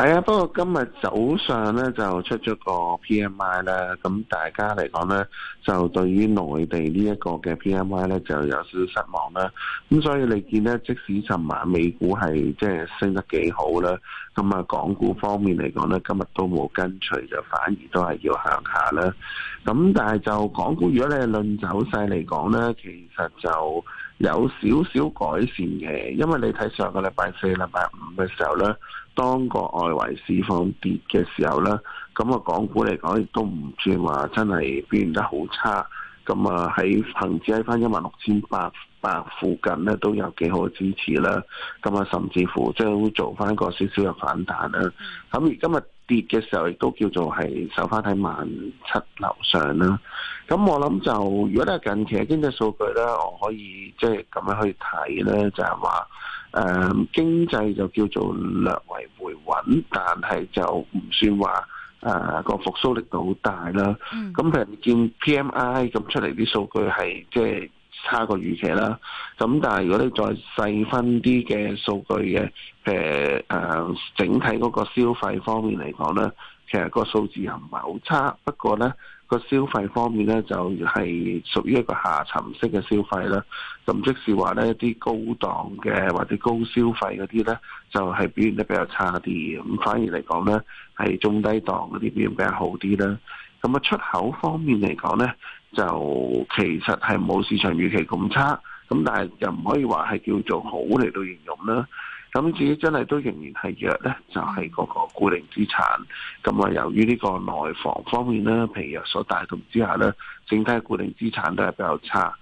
係啊、哎，不過今日早上咧就出咗個 PMI 啦，咁、嗯、大家嚟講咧就對於內地呢一個嘅 PMI 咧就有少少失望啦。咁、嗯、所以你見咧，即使尋晚美股係即係升得幾好啦，咁、嗯、啊港股方面嚟講咧，今日都冇跟隨，就反而都係要向下啦。咁、嗯、但係就港股，如果你係論走勢嚟講咧，其實就有少少改善嘅，因為你睇上個禮拜四、禮拜五嘅時候咧。當個外圍市況跌嘅時候咧，咁啊，港股嚟講亦都唔算話真係表現得好差。咁、嗯、啊，喺恒指喺翻一萬六千八百附近咧，都有幾好嘅支持啦。咁、嗯、啊，甚至乎即係會做翻個少少嘅反彈啦。咁、嗯、而今日跌嘅時候，亦都叫做係守翻喺萬七樓上啦。咁、嗯、我諗就，如果咧近期嘅經濟數據咧，我可以即係咁樣去睇咧，就係、是、話，就是誒、um, 經濟就叫做略為回穩，但係就唔算話誒、啊、個復甦力度好大啦。咁譬、嗯、如你見 P M I 咁出嚟啲數據係即係差過預期啦。咁但係如果你再細分啲嘅數據嘅，誒誒整體嗰個消費方面嚟講咧，其實個數字又唔係好差，不過咧，個消費方面咧，就係屬於一個下沉式嘅消費啦，咁即係話咧一啲高檔嘅或者高消費嗰啲咧，就係表現得比較差啲，咁反而嚟講咧，係中低檔嗰啲表現比較好啲啦。咁啊，出口方面嚟講咧，就其實係冇市場預期咁差，咁但係又唔可以話係叫做好嚟到形容啦。咁自己真係都仍然係弱呢，就係、是、嗰個固定資產。咁啊，由於呢個內房方面呢，譬如所帶動之下呢，整體固定資產都係比較差。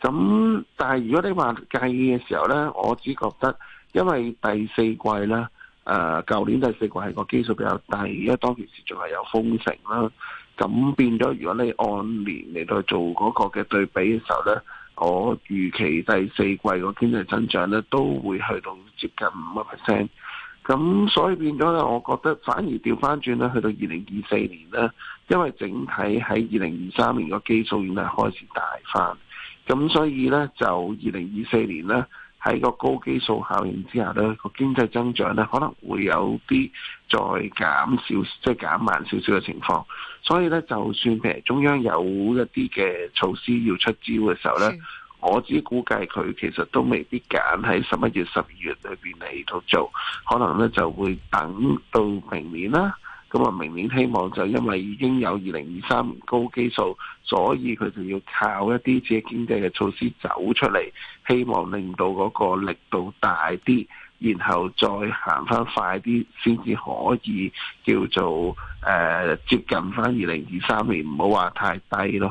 咁但係如果你話計嘅時候呢，我只覺得因為第四季呢，誒、呃、舊年第四季係個基數比較低，而家當其時仲係有封城啦。咁變咗，如果你按年嚟到做嗰個嘅對比嘅時候呢。我預期第四季個經濟增長咧，都會去到接近五個 percent。咁所以變咗咧，我覺得反而掉返轉咧，去到二零二四年咧，因為整體喺二零二三年個基數已經係開始大返，咁所以咧就二零二四年咧。喺個高基數效應之下呢，個經濟增長呢，可能會有啲再減少，即係減慢少少嘅情況。所以呢，就算譬如中央有一啲嘅措施要出招嘅時候呢的我自己估計佢其實都未必揀喺十一月、十二月裏邊嚟到做，可能呢就會等到明年啦。咁啊，明年希望就因為已經有二零二三年高基數，所以佢就要靠一啲自己經濟嘅措施走出嚟，希望令到嗰個力度大啲，然後再行翻快啲，先至可以叫做誒、呃、接近翻二零二三年，唔好話太低咯。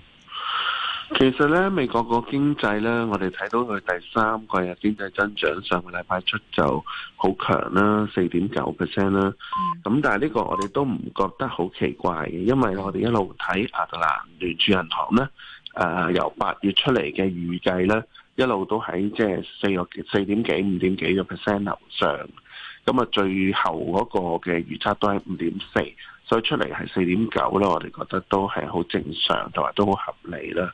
其實咧，美國個經濟咧，我哋睇到佢第三季嘅經濟增長上個禮拜出就好強啦，四點九 percent 啦。咁、嗯、但係呢個我哋都唔覺得好奇怪嘅，因為我哋一路睇亞特蘭聯儲銀行咧，誒、呃、由八月出嚟嘅預計咧，一路都喺即係四個四點幾五點幾個 percent 樓上，咁、嗯、啊最後嗰個嘅預測都係五點四。對出嚟係四點九咯，我哋覺得都係好正常同埋都好合理啦。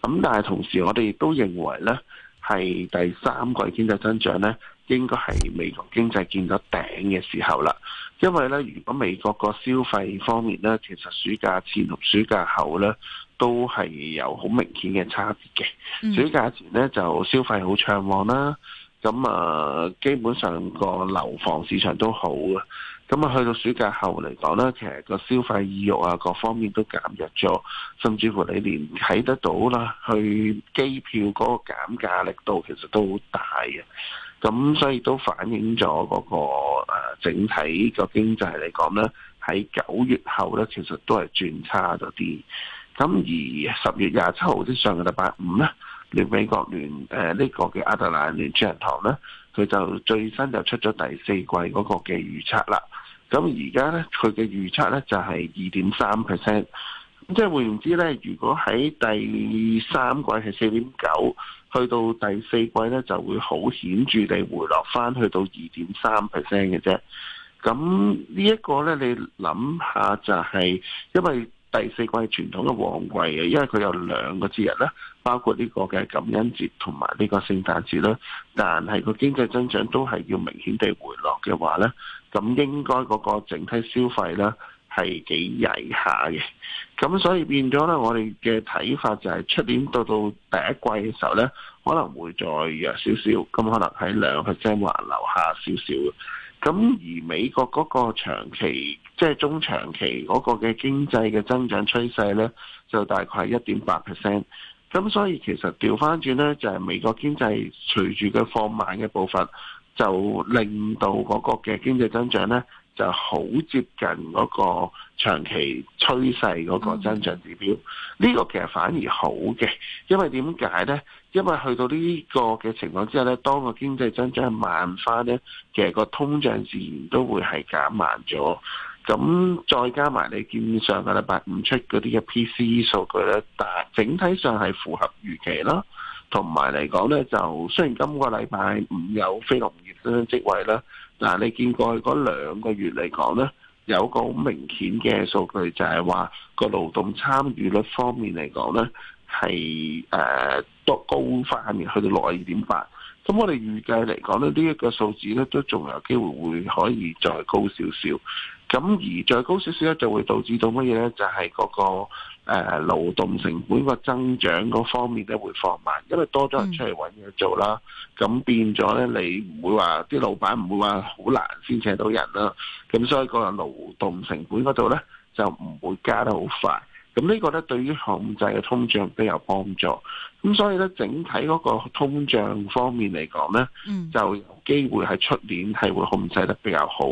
咁但係同時，我哋亦都認為呢係第三季經濟增長呢，應該係美國經濟見到頂嘅時候啦。因為呢，如果美國個消費方面呢，其實暑假前同暑假後呢，都係有好明顯嘅差別嘅。暑假前呢，就消費好暢旺啦。咁啊，基本上個樓房市場都好嘅。咁啊，去到暑假後嚟講呢，其實個消費意欲啊，各方面都減弱咗，甚至乎你連睇得到啦，去機票嗰個減價力度其實都好大嘅，咁所以都反映咗嗰個誒整體個經濟嚟講呢，喺九月後呢，其實都係轉差咗啲，咁而十月廿七號即上個禮拜五呢。聯美國聯誒呢個嘅亞特蘭聯主人堂咧，佢就最新就出咗第四季嗰個嘅預測啦。咁而家咧，佢嘅預測咧就係二點三 percent。即係換言之咧，如果喺第三季係四點九，去到第四季咧就會好顯著地回落翻去到二點三 percent 嘅啫。咁呢一個咧，你諗下就係、是、因為。第四季係傳統嘅旺季嘅，因為佢有兩個節日啦，包括呢個嘅感恩節同埋呢個聖誕節啦。但係個經濟增長都係要明顯地回落嘅話呢，咁應該嗰個整體消費呢係幾曳下嘅。咁所以變咗呢，我哋嘅睇法就係出年到到第一季嘅時候呢，可能會再弱少少，咁可能喺兩 percent 或留下少少嘅。咁而美國嗰個長期即係、就是、中長期嗰個嘅經濟嘅增長趨勢呢，就大概一點八 percent。咁所以其實調返轉呢，就係、是、美國經濟隨住佢放慢嘅步伐，就令到嗰個嘅經濟增長呢，就好接近嗰個長期趨勢嗰個增長指標。呢、嗯、個其實反而好嘅，因為點解呢？因為去到呢個嘅情況之下，咧，當個經濟增長係慢翻咧，其實個通脹自然都會係減慢咗。咁再加埋你見上個禮拜五出嗰啲嘅 PCE 數據咧，但係整體上係符合預期啦。同埋嚟講咧，就雖然今個禮拜五有非農業嘅職位啦，但係你見過去嗰兩個月嚟講咧，有個好明顯嘅數據就係話個勞動參與率方面嚟講咧。係誒、呃、多高翻下去到六十二點八，咁我哋預計嚟講咧，這個、數呢一個數字咧都仲有機會會可以再高少少。咁而再高少少咧，就會導致到乜嘢咧？就係、是、嗰、那個誒勞、呃、動成本個增長嗰方面咧會放慢，因為多咗人出嚟揾嘢做啦，咁、嗯、變咗咧你唔會話啲老闆唔會話好難先請到人啦、啊。咁所以個勞動成本嗰度咧就唔會加得好快。咁呢個咧對於控制嘅通脹比較有幫助，咁所以咧整體嗰個通脹方面嚟講咧，嗯、就有機會係出年係會控制得比較好。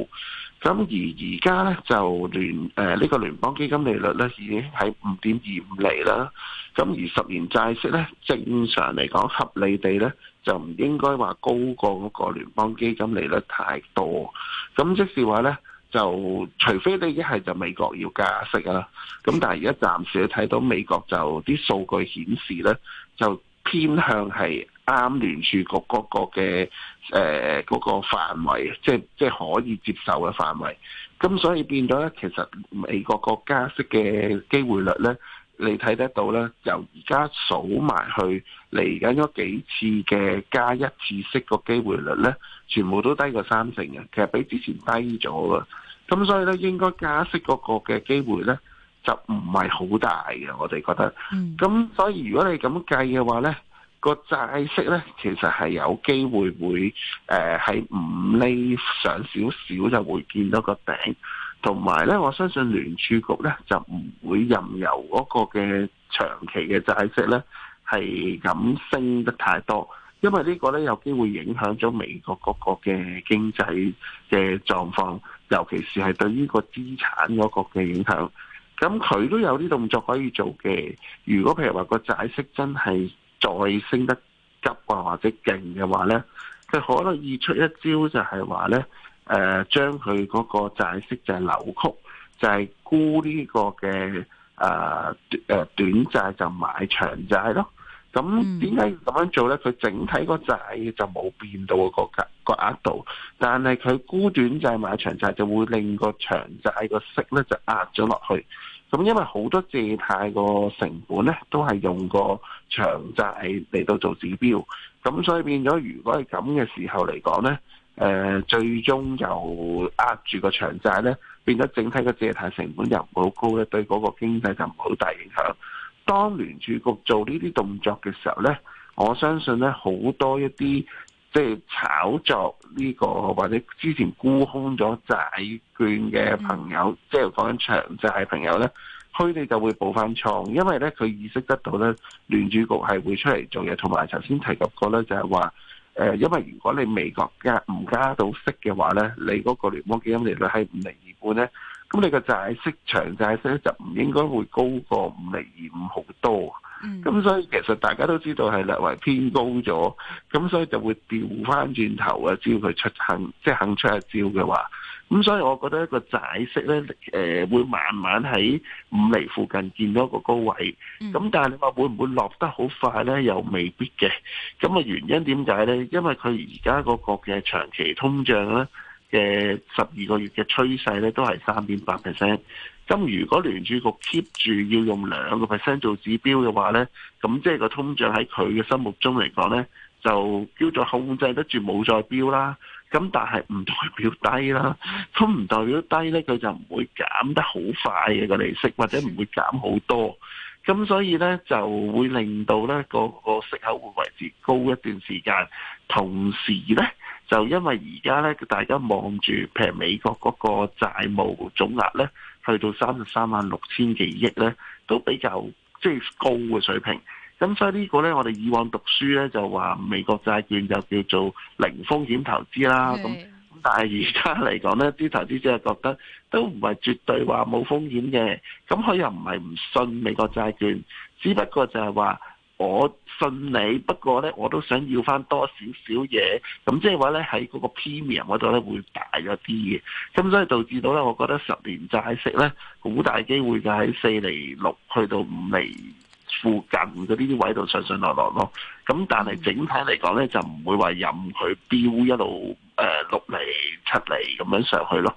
咁而而家咧就聯誒呢個聯邦基金利率咧已經喺五點二五厘啦。咁而十年債息咧正常嚟講合理地咧就唔應該話高過嗰個聯邦基金利率太多。咁即是話咧。就除非你一係就美國要加息啊，咁但係而家暫時睇到美國就啲數據顯示呢，就偏向係啱聯儲局嗰個嘅誒嗰個範圍，即係即係可以接受嘅範圍。咁所以變咗呢，其實美國個加息嘅機會率呢。你睇得到咧，由而家數埋去嚟緊嗰幾次嘅加一次息個機會率咧，全部都低過三成嘅，其實比之前低咗啦。咁所以咧，應該加息嗰個嘅機會咧，就唔係好大嘅。我哋覺得，咁、嗯、所以如果你咁計嘅話咧，個債息咧其實係有機會會誒喺五厘上少少就會見到個頂。同埋咧，我相信聯儲局咧就唔會任由嗰個嘅長期嘅債息咧係咁升得太多，因為個呢個咧有機會影響咗美國嗰個嘅經濟嘅狀況，尤其是係對於呢個資產嗰個嘅影響。咁佢都有啲動作可以做嘅。如果譬如話個債息真係再升得急啊或者勁嘅話咧，佢可能意出一招就係話咧。誒、呃、將佢嗰個債息就係扭曲，就係、係、沽呢個嘅誒誒短債就買長債咯。咁點解要咁樣做咧？佢整體個債就冇變到、個價、個額度，但係佢沽短債買長債就會令個長債個息咧就壓咗落去。咁因為好多借貸個成本咧都係用個長債嚟到做指標，咁所以變咗，如果係咁嘅時候嚟講咧。誒、呃、最終又壓住個長債咧，變得整體嘅借貸成本又唔好高咧，對嗰個經濟就唔好大影響。當聯儲局做呢啲動作嘅時候咧，我相信咧好多一啲即係炒作呢、這個或者之前沽空咗債券嘅朋友，嗯、即係講緊長債嘅朋友咧，佢哋就會補翻倉，因為咧佢意識得到咧聯儲局係會出嚟做嘢，同埋頭先提及過咧就係、是、話。誒、呃，因為如果你美國加唔加到息嘅話咧，你嗰個聯邦基金利率係五厘二半咧。咁你個債息、長債息就唔應該會高過五釐二五好多，咁所以其實大家都知道係略為偏高咗，咁所以就會調翻轉頭啊，只要佢出行，即係肯出一招嘅話，咁所以我覺得一個債息咧，誒會慢慢喺五釐附近見到一個高位，咁但係你話會唔會落得好快咧？又未必嘅，咁嘅原因點解咧？因為佢而家個國嘅長期通脹咧。嘅十二個月嘅趨勢咧，都係三點八 percent。咁如果聯儲局 keep 住要用兩個 percent 做指標嘅話咧，咁即係個通脹喺佢嘅心目中嚟講咧，就叫做控制得住冇再飆啦。咁但係唔代表低啦，通唔代表低咧，佢就唔會減得好快嘅、啊、個利息，或者唔會減好多。咁所以咧就會令到咧、嗰個、嗰個息口會維持高一段時間，同時咧。就因為而家咧，大家望住譬如美國嗰個債務總額咧，去到三十三萬六千幾億咧，都比較即係高嘅水平。咁所以呢個咧，我哋以往讀書咧就話美國債券就叫做零風險投資啦。咁咁的，但係而家嚟講咧，啲投資者覺得都唔係絕對話冇風險嘅。咁佢又唔係唔信美國債券，只不過就係話。我信你，不過咧，我都想要翻多少少嘢，咁即係話咧喺嗰個 premium 嗰度咧會大咗啲嘅，咁所以導致到咧，我覺得十年債息咧好大機會就喺四厘六去到五厘附近嘅呢啲位度上上落落咯，咁但係整體嚟講咧就唔會話任佢飆一路誒、呃、六厘七厘咁樣上去咯。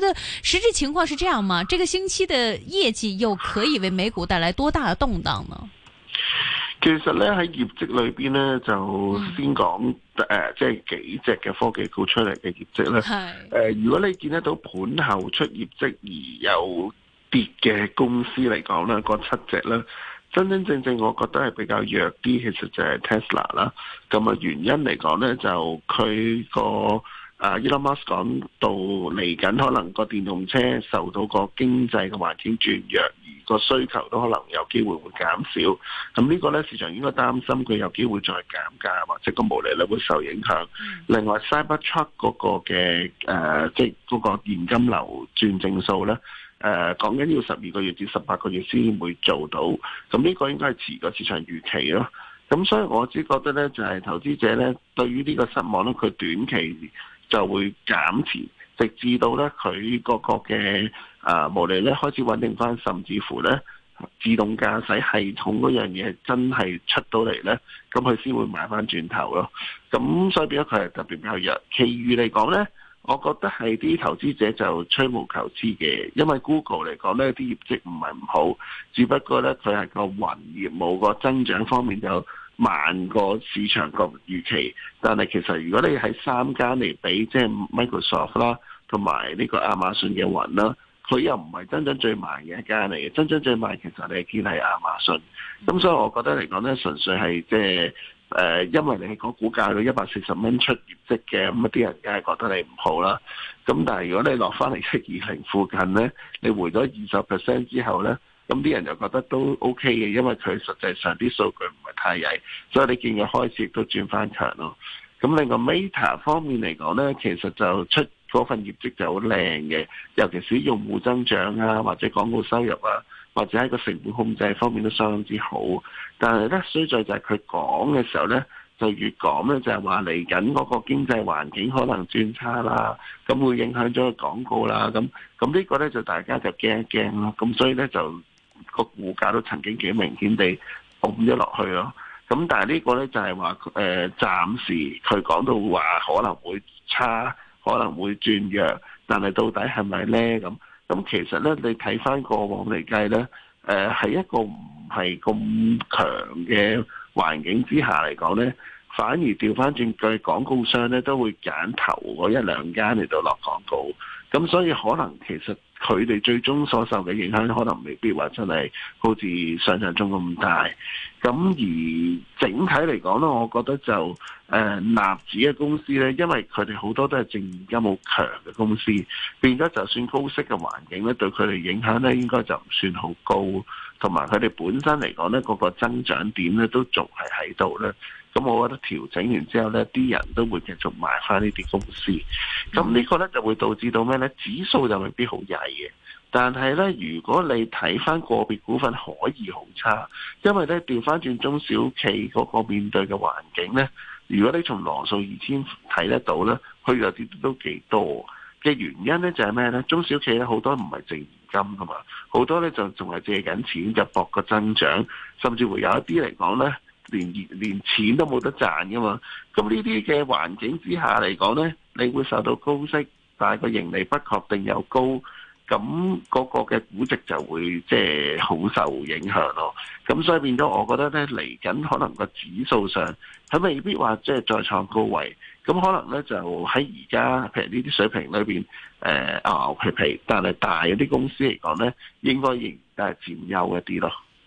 的實質情況是這樣嗎？這個星期的業績又可以為美股帶來多大的動盪呢？其實咧喺業績裏邊咧，就先講誒、呃，即係幾隻嘅科技股出嚟嘅業績咧。係誒是、呃，如果你見得到盤後出業績而有跌嘅公司嚟講咧，嗰七隻咧，真真正，正正我覺得係比較弱啲。其實就係 Tesla 啦，咁、嗯、啊，原因嚟講咧，就佢個。啊，Elon Musk 講到嚟緊，可能個電動車受到個經濟嘅環境轉弱，而個需求都可能有機會會減少。咁呢個咧，市場應該擔心佢有機會再減價，或者個毛利率會受影響。嗯、另外，Cybertruck 嗰個嘅誒，呃嗯、即係嗰個現金流轉正數咧，誒講緊要十二個月至十八個月先會做到。咁呢個應該係遲過市場預期咯。咁所以我只覺得咧，就係、是、投資者咧，對於呢個失望咧，佢短期就會減持，直至到呢，佢個個嘅毛利呢開始穩定翻，甚至乎呢自動駕駛系統嗰樣嘢真係出到嚟呢。咁佢先會買翻轉頭咯。咁所以變咗佢係特別比較弱。其餘嚟講呢，我覺得係啲投資者就吹毛求疵嘅，因為 Google 嚟講呢啲業績唔係唔好，只不過呢，佢係個雲業務、個增長方面就，萬個市場個預期，但係其實如果你喺三間嚟比，即係 Microsoft 啦，同埋呢個亞馬遜嘅雲啦，佢又唔係真真最慢嘅一間嚟嘅，真真最慢其實你見係亞馬遜。咁所以我覺得嚟講咧，純粹係即係誒，因為你個股價到一百四十蚊出業績嘅，咁啲人梗係覺得你唔好啦。咁但係如果你落翻嚟一二零附近咧，你回咗二十 percent 之後咧。咁啲人就覺得都 OK 嘅，因為佢實際上啲數據唔係太曳，所以你見佢開始都轉翻強咯。咁另外 Meta 方面嚟講咧，其實就出嗰份業績就好靚嘅，尤其是用戶增長啊，或者廣告收入啊，或者喺個成本控制方面都相當之好。但係咧，衰在就係佢講嘅時候咧，就越講咧就係話嚟緊嗰個經濟環境可能轉差啦，咁會影響咗個廣告啦。咁咁呢個咧就大家就驚一驚啦。咁所以咧就個股價都曾經幾明顯地降咗落去咯，咁但係呢個咧就係話誒，暫時佢講到話可能會差，可能會轉弱，但係到底係咪咧咁？咁其實咧，你睇翻過往嚟計咧，誒係一個唔係咁強嘅環境之下嚟講咧，反而調翻轉對廣告商咧都會揀頭嗰一兩間嚟到落廣告，咁所以可能其實。佢哋最終所受嘅影響，可能未必話真係好似想像中咁大。咁而整體嚟講咧，我覺得就誒、呃、納指嘅公司呢因為佢哋好多都係正而家冇強嘅公司，變咗就算高息嘅環境呢對佢哋影響咧，應該就唔算好高。同埋佢哋本身嚟講呢個、那個增長點呢都仲係喺度呢。咁我覺得調整完之後呢，啲人都會繼續買翻呢啲公司。咁呢個呢，就會導致到咩呢？指數就未必好曳嘅。但係呢，如果你睇翻個別股份可以好差，因為呢，調翻轉中小企嗰個面對嘅環境呢。如果你從羅素二千睇得到呢，佢又跌到幾多嘅原因呢，就係咩呢？中小企呢好多唔係淨現金噶嘛，好多呢，就仲係借緊錢入博個增長，甚至會有一啲嚟講呢。連連錢都冇得賺㗎嘛，咁呢啲嘅環境之下嚟講呢，你會受到高息，但係個盈利不確定又高，咁個個嘅估值就會即係好受影響咯。咁所以變咗，我覺得呢，嚟緊可能個指數上佢未必話即係再創高位，咁可能呢，就喺而家譬如呢啲水平裏邊，誒牛皮皮，但係大一啲公司嚟講呢，應該仍係佔優一啲咯。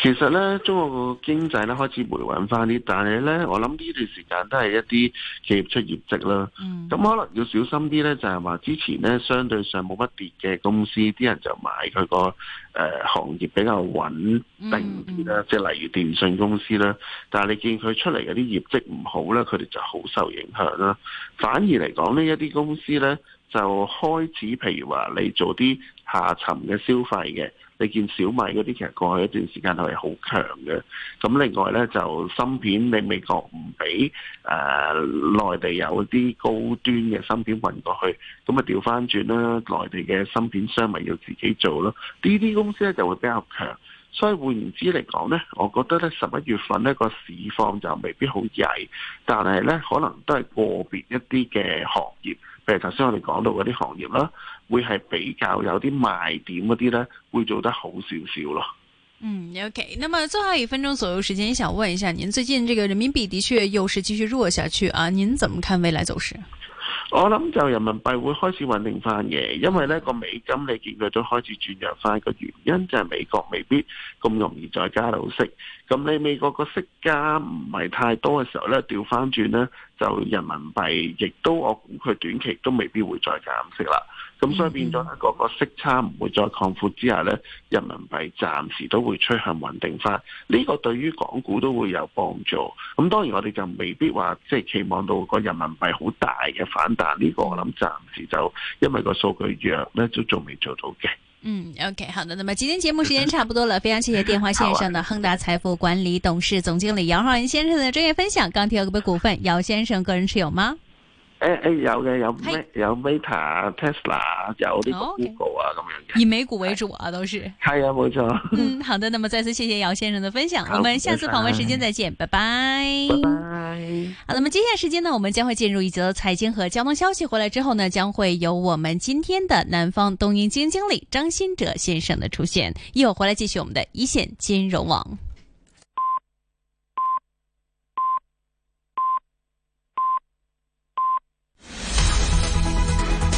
其實咧，中國個經濟咧開始回穩翻啲，但係咧，我諗呢段時間都係一啲企業出業績啦。咁、嗯、可能要小心啲咧，就係話之前咧相對上冇乜跌嘅公司，啲人就買佢個誒行業比較穩定啲啦。嗯嗯、即係例如電信公司啦，但係你見佢出嚟嗰啲業績唔好咧，佢哋就好受影響啦。反而嚟講呢一啲公司咧，就開始譬如話嚟做啲下沉嘅消費嘅。你見小米嗰啲其實過去一段時間係好強嘅，咁另外呢，就芯片，你美國唔俾誒內地有啲高端嘅芯片運過去，咁啊調翻轉啦，內地嘅芯片商咪要自己做咯，呢啲公司咧就會比較強，所以換言之嚟講呢，我覺得咧十一月份呢個市況就未必好曳，但係呢，可能都係個別一啲嘅行業。譬如頭先我哋講到嗰啲行業啦，會係比較有啲賣點嗰啲咧，會做得好少少咯。嗯，OK，咁啊，最後一分鐘左右時間，想問一下您，最近這個人民幣的確又是繼續弱下去啊，您怎麼看未來走勢？我諗就人民幣會開始穩定翻嘅，因為呢個美金你見佢都開始轉弱翻，個原因就係美國未必咁容易再加到息。咁你美國個息加唔係太多嘅時候呢調翻轉呢，就人民幣亦都我估佢短期都未必會再減息啦。咁、嗯、所以變咗呢嗰個息差唔會再擴闊之下呢人民幣暫時都會趨向穩定翻。呢、這個對於港股都會有幫助。咁、嗯、當然我哋就未必話即係期望到個人民幣好大嘅反彈、這個。呢個我諗暫時就因為個數據弱呢都仲未做到嘅。嗯，OK，好的。那麼今天節目時間差不多了， 非常謝謝電話線上的亨達財富管理董事總經理姚浩然先生的專業分享。鋼鐵個股份姚先生個人持有嗎？誒誒、哎哎，有嘅有咩 Hey. 有 Meta、Tesla 有啲 Google 啊咁樣以美股為主啊，都是。係啊，冇錯。嗯，好的，那麼再次謝謝姚先生的分享，好我們下次訪問時間再見，bye bye 拜拜。好，那麼接下來時間呢，我們將會進入一則財經和交通消息，回來之後呢，將會有我們今天的南方東英基金經理張新哲先生的出現，又回來繼續我們的一線金融網。